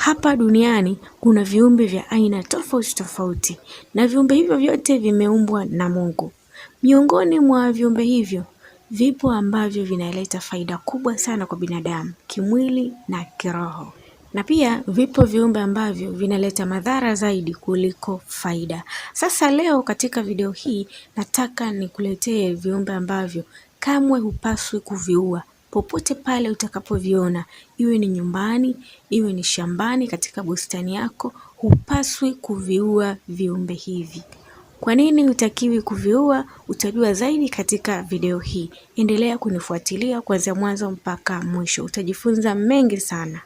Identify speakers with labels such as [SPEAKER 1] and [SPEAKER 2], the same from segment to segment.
[SPEAKER 1] Hapa duniani kuna viumbe vya aina tofauti tofauti na viumbe hivyo vyote vimeumbwa na Mungu. Miongoni mwa viumbe hivyo vipo ambavyo vinaleta faida kubwa sana kwa binadamu kimwili na kiroho, na pia vipo viumbe ambavyo vinaleta madhara zaidi kuliko faida. Sasa leo katika video hii nataka nikuletee viumbe ambavyo kamwe hupaswi kuviua popote pale utakapoviona, iwe ni nyumbani, iwe ni shambani, katika bustani yako, hupaswi kuviua viumbe hivi. Kwa nini hutakiwi kuviua? Utajua zaidi katika video hii. Endelea kunifuatilia kuanzia mwanzo mpaka mwisho, utajifunza mengi sana.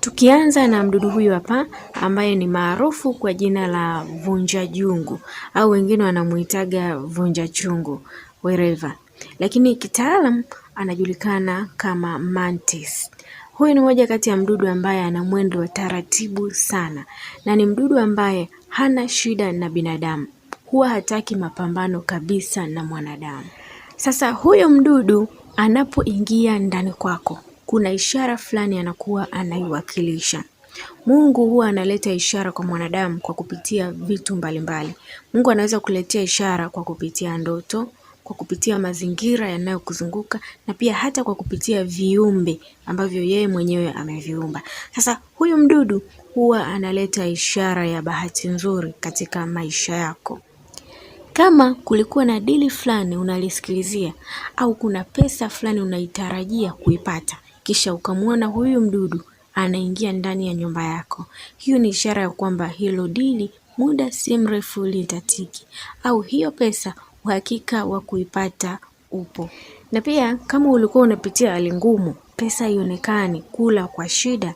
[SPEAKER 1] Tukianza na mdudu huyu hapa ambaye ni maarufu kwa jina la vunja jungu au wengine wanamuitaga vunja chungu wherever, lakini kitaalam anajulikana kama mantis. Huyu ni moja kati ya mdudu ambaye ana mwendo wa taratibu sana na ni mdudu ambaye hana shida na binadamu, huwa hataki mapambano kabisa na mwanadamu. Sasa huyo mdudu anapoingia ndani kwako, kuna ishara fulani anakuwa anaiwakilisha. Mungu huwa analeta ishara kwa mwanadamu kwa kupitia vitu mbalimbali mbali. Mungu anaweza kuletea ishara kwa kupitia ndoto kwa kupitia mazingira yanayokuzunguka na pia hata kwa kupitia viumbe ambavyo yeye mwenyewe ameviumba. Sasa huyu mdudu huwa analeta ishara ya bahati nzuri katika maisha yako. Kama kulikuwa na dili fulani unalisikilizia au kuna pesa fulani unaitarajia kuipata, kisha ukamwona huyu mdudu anaingia ndani ya nyumba yako, hiyo ni ishara ya kwamba hilo dili muda si mrefu litatiki, au hiyo pesa uhakika wa kuipata upo. Na pia kama ulikuwa unapitia hali ngumu, pesa ionekani kula kwa shida,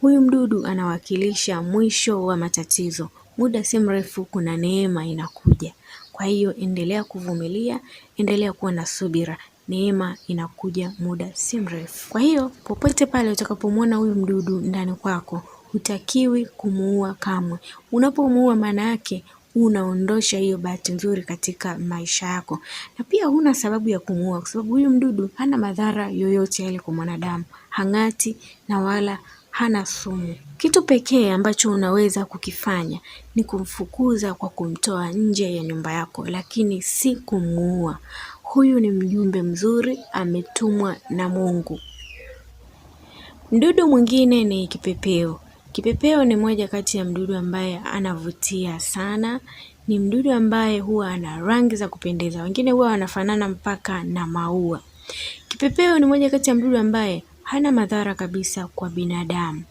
[SPEAKER 1] huyu mdudu anawakilisha mwisho wa matatizo. Muda si mrefu, kuna neema inakuja. Kwa hiyo endelea kuvumilia, endelea kuwa na subira, neema inakuja muda si mrefu. Kwa hiyo popote pale utakapomwona huyu mdudu ndani kwako, hutakiwi kumuua kamwe. Unapomuua, maana yake unaondosha hiyo bahati nzuri katika maisha yako na pia huna sababu ya kumuua kwa sababu huyu mdudu hana madhara yoyote yale kwa mwanadamu hang'ati na wala hana sumu kitu pekee ambacho unaweza kukifanya ni kumfukuza kwa kumtoa nje ya nyumba yako lakini si kumuua huyu ni mjumbe mzuri ametumwa na mungu mdudu mwingine ni kipepeo Kipepeo ni moja kati ya mdudu ambaye anavutia sana, ni mdudu ambaye huwa ana rangi za kupendeza, wengine huwa wanafanana mpaka na maua. Kipepeo ni moja kati ya mdudu ambaye hana madhara kabisa kwa binadamu.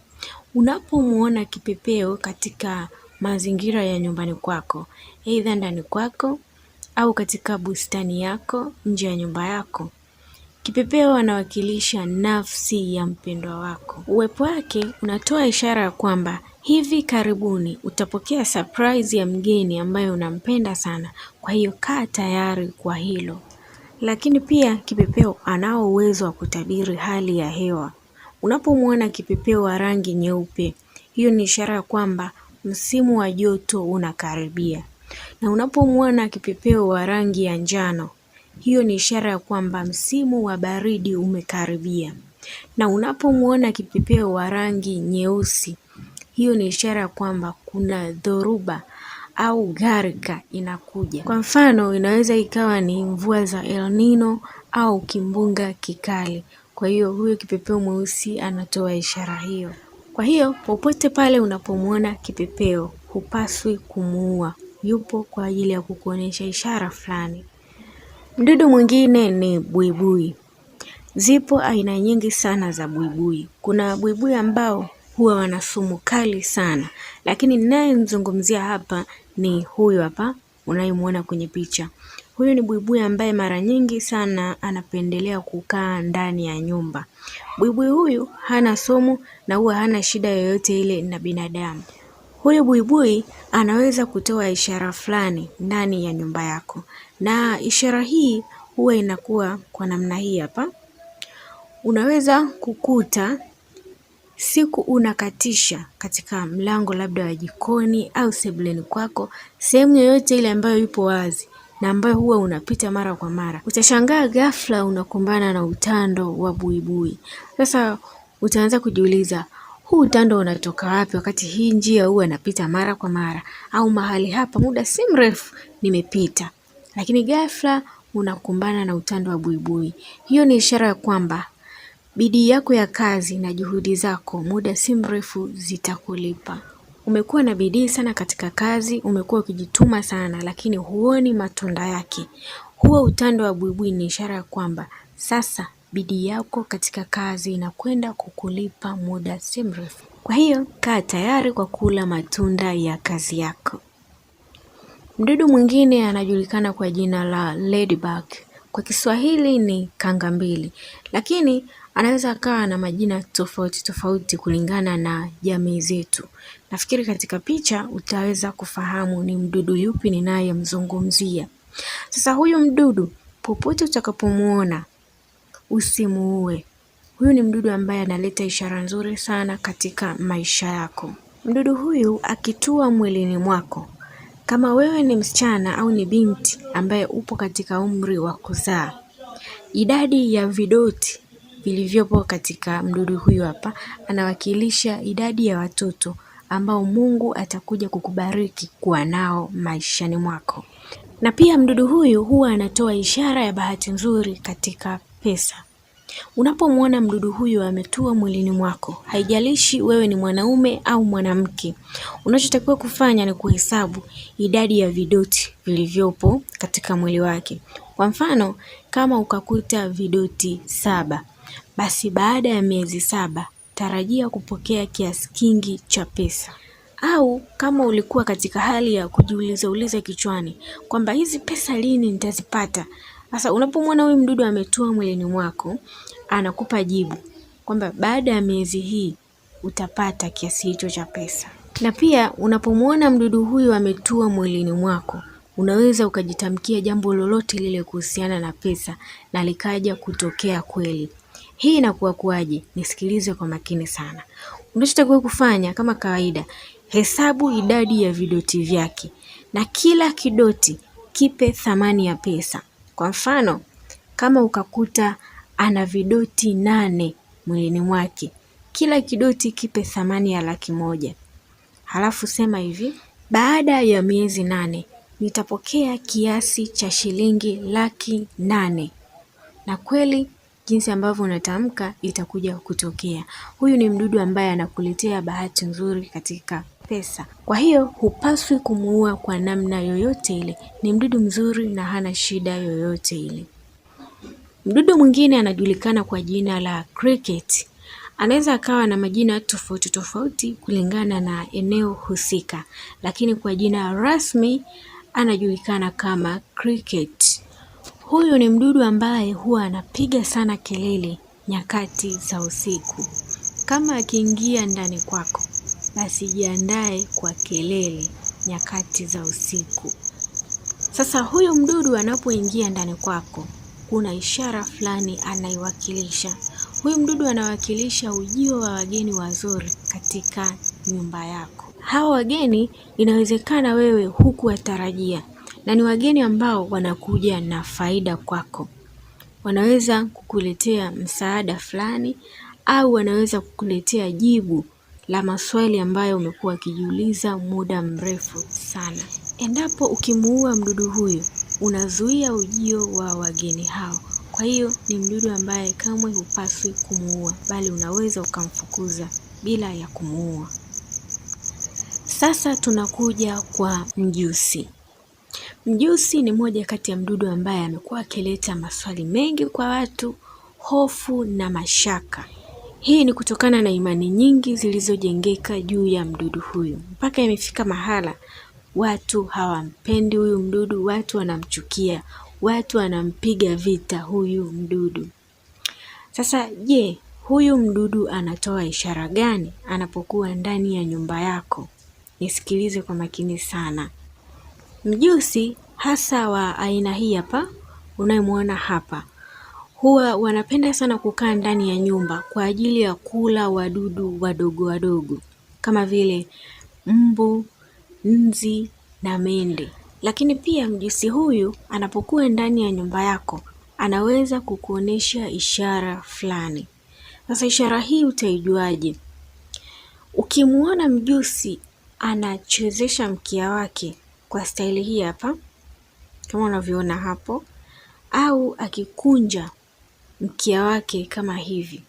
[SPEAKER 1] Unapomwona kipepeo katika mazingira ya nyumbani kwako, aidha ndani kwako au katika bustani yako, nje ya nyumba yako, Kipepeo anawakilisha nafsi ya mpendwa wako. Uwepo wake unatoa ishara ya kwamba hivi karibuni utapokea surprise ya mgeni ambaye unampenda sana, kwa hiyo kaa tayari kwa hilo. Lakini pia kipepeo anao uwezo wa kutabiri hali ya hewa. Unapomwona kipepeo wa rangi nyeupe, hiyo ni ishara ya kwamba msimu wa joto unakaribia, na unapomwona kipepeo wa rangi ya njano, hiyo ni ishara ya kwamba msimu wa baridi umekaribia. Na unapomwona kipepeo wa rangi nyeusi, hiyo ni ishara ya kwamba kuna dhoruba au gharika inakuja. Kwa mfano, inaweza ikawa ni mvua za El Nino au kimbunga kikali. Kwa hiyo huyo kipepeo mweusi anatoa ishara hiyo. Kwa hiyo popote pale unapomwona kipepeo, hupaswi kumuua. Yupo kwa ajili ya kukuonyesha ishara fulani. Mdudu mwingine ni buibui. Zipo aina nyingi sana za buibui. Kuna buibui ambao huwa wana sumu kali sana, lakini ninayemzungumzia hapa ni huyu hapa unayemwona kwenye picha. Huyu ni buibui ambaye mara nyingi sana anapendelea kukaa ndani ya nyumba. Buibui huyu hana sumu na huwa hana shida yoyote ile na binadamu. Huyu buibui anaweza kutoa ishara fulani ndani ya nyumba yako na ishara hii huwa inakuwa kwa namna hii hapa. Unaweza kukuta siku unakatisha katika mlango labda wa jikoni au sebuleni kwako, sehemu yoyote ile ambayo ipo wazi na ambayo huwa unapita mara kwa mara, utashangaa ghafla unakumbana na utando wa buibui. Sasa utaanza kujiuliza huu utando unatoka wapi, wakati hii njia huwa napita mara kwa mara, au mahali hapa muda si mrefu nimepita lakini ghafla unakumbana na utando wa buibui. Hiyo ni ishara ya kwamba bidii yako ya kazi na juhudi zako muda si mrefu zitakulipa. Umekuwa na bidii sana katika kazi, umekuwa ukijituma sana, lakini huoni matunda yake. Huo utando wa buibui ni ishara ya kwamba sasa bidii yako katika kazi inakwenda kukulipa muda si mrefu. Kwa hiyo kaa tayari kwa kula matunda ya kazi yako. Mdudu mwingine anajulikana kwa jina la Ladybug kwa Kiswahili ni kanga mbili lakini anaweza akawa na majina tofauti tofauti kulingana na jamii zetu. Nafikiri katika picha utaweza kufahamu ni mdudu yupi ninayemzungumzia. Sasa huyu mdudu popote utakapomuona usimuue. Huyu ni mdudu ambaye analeta ishara nzuri sana katika maisha yako. Mdudu huyu akitua mwilini mwako kama wewe ni msichana au ni binti ambaye upo katika umri wa kuzaa, idadi ya vidoti vilivyopo katika mdudu huyu hapa anawakilisha idadi ya watoto ambao Mungu atakuja kukubariki kuwa nao maishani mwako. Na pia mdudu huyu huwa anatoa ishara ya bahati nzuri katika pesa. Unapomwona mdudu huyu ametua mwilini mwako, haijalishi wewe ni mwanaume au mwanamke, unachotakiwa kufanya ni kuhesabu idadi ya vidoti vilivyopo katika mwili wake. Kwa mfano, kama ukakuta vidoti saba, basi baada ya miezi saba tarajia kupokea kiasi kingi cha pesa. Au kama ulikuwa katika hali ya kujiuliza uliza kichwani kwamba hizi pesa lini nitazipata, sasa unapomwona huyu mdudu ametua mwilini mwako, anakupa jibu kwamba baada ya miezi hii utapata kiasi hicho cha pesa. Na pia unapomwona mdudu huyu ametua mwilini mwako, unaweza ukajitamkia jambo lolote lile kuhusiana na pesa na likaja kutokea kweli. Hii inakuwa kuwaje? Nisikilize kwa makini sana. Unachotakiwa kufanya kama kawaida, hesabu idadi ya vidoti vyake na kila kidoti kipe thamani ya pesa. Kwa mfano kama ukakuta ana vidoti nane mwilini mwake, kila kidoti kipe thamani ya laki moja. Halafu sema hivi, baada ya miezi nane nitapokea kiasi cha shilingi laki nane. Na kweli jinsi ambavyo unatamka itakuja kutokea. Huyu ni mdudu ambaye anakuletea bahati nzuri katika pesa. Kwa hiyo hupaswi kumuua kwa namna yoyote ile. Ni mdudu mzuri na hana shida yoyote ile. Mdudu mwingine anajulikana kwa jina la cricket. Anaweza akawa na majina tofauti tofauti kulingana na eneo husika, lakini kwa jina rasmi anajulikana kama cricket. Huyu ni mdudu ambaye huwa anapiga sana kelele nyakati za usiku. Kama akiingia ndani kwako, asijiandae kwa kelele nyakati za usiku. Sasa huyu mdudu anapoingia ndani kwako, kuna ishara fulani anaiwakilisha. Huyu mdudu anawakilisha ujio wa wageni wazuri katika nyumba yako. Hawa wageni inawezekana wewe hukuwatarajia, na ni wageni ambao wanakuja na faida kwako. Wanaweza kukuletea msaada fulani, au wanaweza kukuletea jibu la maswali ambayo umekuwa ukijiuliza muda mrefu sana. Endapo ukimuua mdudu huyu, unazuia ujio wa wageni hao. Kwa hiyo ni mdudu ambaye kamwe hupaswi kumuua, bali unaweza ukamfukuza bila ya kumuua. Sasa tunakuja kwa mjusi. Mjusi ni moja kati ya mdudu ambaye amekuwa akileta maswali mengi kwa watu, hofu na mashaka. Hii ni kutokana na imani nyingi zilizojengeka juu ya mdudu huyu mpaka imefika mahala watu hawampendi huyu mdudu, watu wanamchukia, watu wanampiga vita huyu mdudu. Sasa je, huyu mdudu anatoa ishara gani anapokuwa ndani ya nyumba yako? Nisikilize kwa makini sana. Mjusi hasa wa aina hii hapa unayemwona hapa Huwa wanapenda sana kukaa ndani ya nyumba kwa ajili ya kula wadudu wadogo wadogo kama vile mbu, nzi na mende. Lakini pia mjusi huyu anapokuwa ndani ya nyumba yako anaweza kukuonesha ishara fulani. Sasa ishara hii utaijuaje? Ukimuona mjusi anachezesha mkia wake kwa staili hii hapa kama unavyoona hapo, au akikunja mkia wake kama hivi,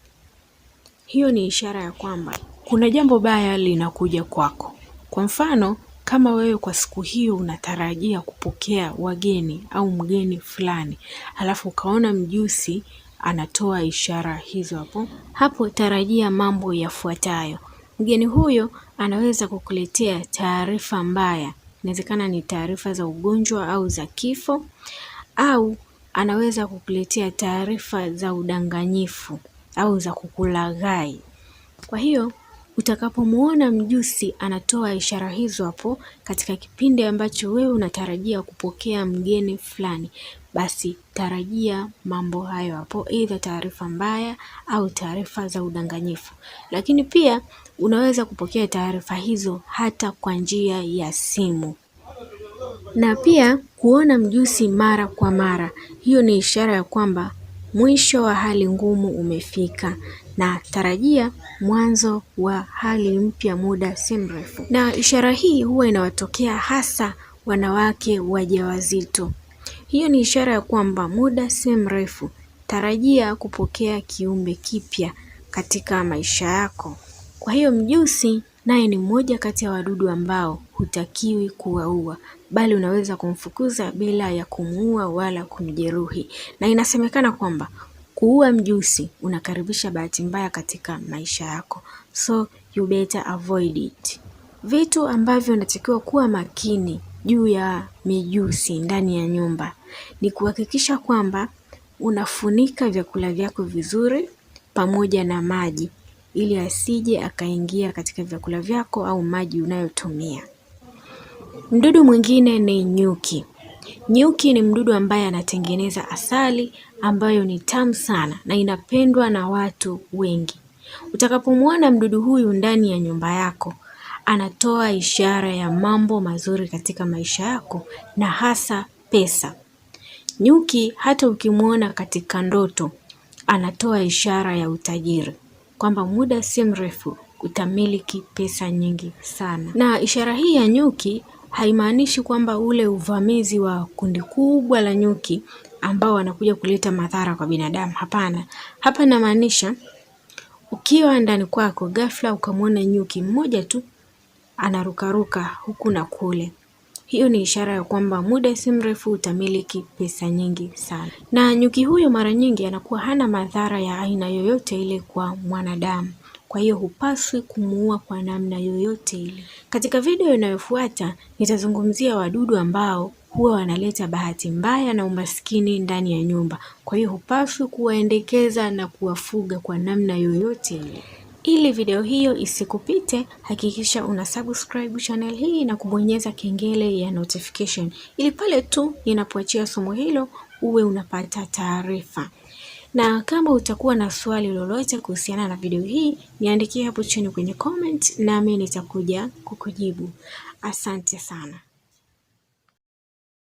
[SPEAKER 1] hiyo ni ishara ya kwamba kuna jambo baya linakuja kwako. Kwa mfano, kama wewe kwa siku hiyo unatarajia kupokea wageni au mgeni fulani, alafu ukaona mjusi anatoa ishara hizo hapo hapo, tarajia mambo yafuatayo. Mgeni huyo anaweza kukuletea taarifa mbaya, inawezekana ni taarifa za ugonjwa au za kifo au anaweza kukuletea taarifa za udanganyifu au za kukulaghai. Kwa hiyo utakapomwona mjusi anatoa ishara hizo hapo katika kipindi ambacho wewe unatarajia kupokea mgeni fulani, basi tarajia mambo hayo hapo, aidha taarifa mbaya au taarifa za udanganyifu. Lakini pia unaweza kupokea taarifa hizo hata kwa njia ya simu na pia kuona mjusi mara kwa mara. Hiyo ni ishara ya kwamba mwisho wa hali ngumu umefika na tarajia mwanzo wa hali mpya muda si mrefu. Na ishara hii huwa inawatokea hasa wanawake wajawazito. Hiyo ni ishara ya kwamba muda si mrefu tarajia kupokea kiumbe kipya katika maisha yako. Kwa hiyo mjusi naye ni mmoja kati ya wadudu ambao hutakiwi kuwaua bali unaweza kumfukuza bila ya kumuua wala kumjeruhi na inasemekana kwamba kuua mjusi unakaribisha bahati mbaya katika maisha yako so you better avoid it vitu ambavyo unatakiwa kuwa makini juu ya mijusi ndani ya nyumba ni kuhakikisha kwamba unafunika vyakula vyako vizuri pamoja na maji ili asije akaingia katika vyakula vyako au maji unayotumia Mdudu mwingine ni nyuki. Nyuki ni mdudu ambaye anatengeneza asali ambayo ni tamu sana na inapendwa na watu wengi. utakapomwona mdudu huyu ndani ya nyumba yako, anatoa ishara ya mambo mazuri katika maisha yako na hasa pesa. Nyuki hata ukimwona katika ndoto, anatoa ishara ya utajiri kwamba muda si mrefu utamiliki pesa nyingi sana. Na ishara hii ya nyuki haimaanishi kwamba ule uvamizi wa kundi kubwa la nyuki ambao wanakuja kuleta madhara kwa binadamu. Hapana, hapa namaanisha ukiwa ndani kwako, ghafla ukamwona nyuki mmoja tu anarukaruka huku na kule, hiyo ni ishara ya kwamba muda si mrefu utamiliki pesa nyingi sana, na nyuki huyo mara nyingi anakuwa hana madhara ya aina yoyote ile kwa mwanadamu kwa hiyo hupaswi kumuua kwa namna yoyote ile. Katika video inayofuata nitazungumzia wadudu ambao huwa wanaleta bahati mbaya na umaskini ndani ya nyumba, kwa hiyo hupaswi kuwaendekeza na kuwafuga kwa namna yoyote ile. Ili video hiyo isikupite, hakikisha una subscribe channel hii na kubonyeza kengele ya notification, ili pale tu ninapoachia somo hilo uwe unapata taarifa na kama utakuwa na swali lolote kuhusiana na video hii niandikie hapo chini kwenye comment, nami nitakuja kukujibu. Asante sana.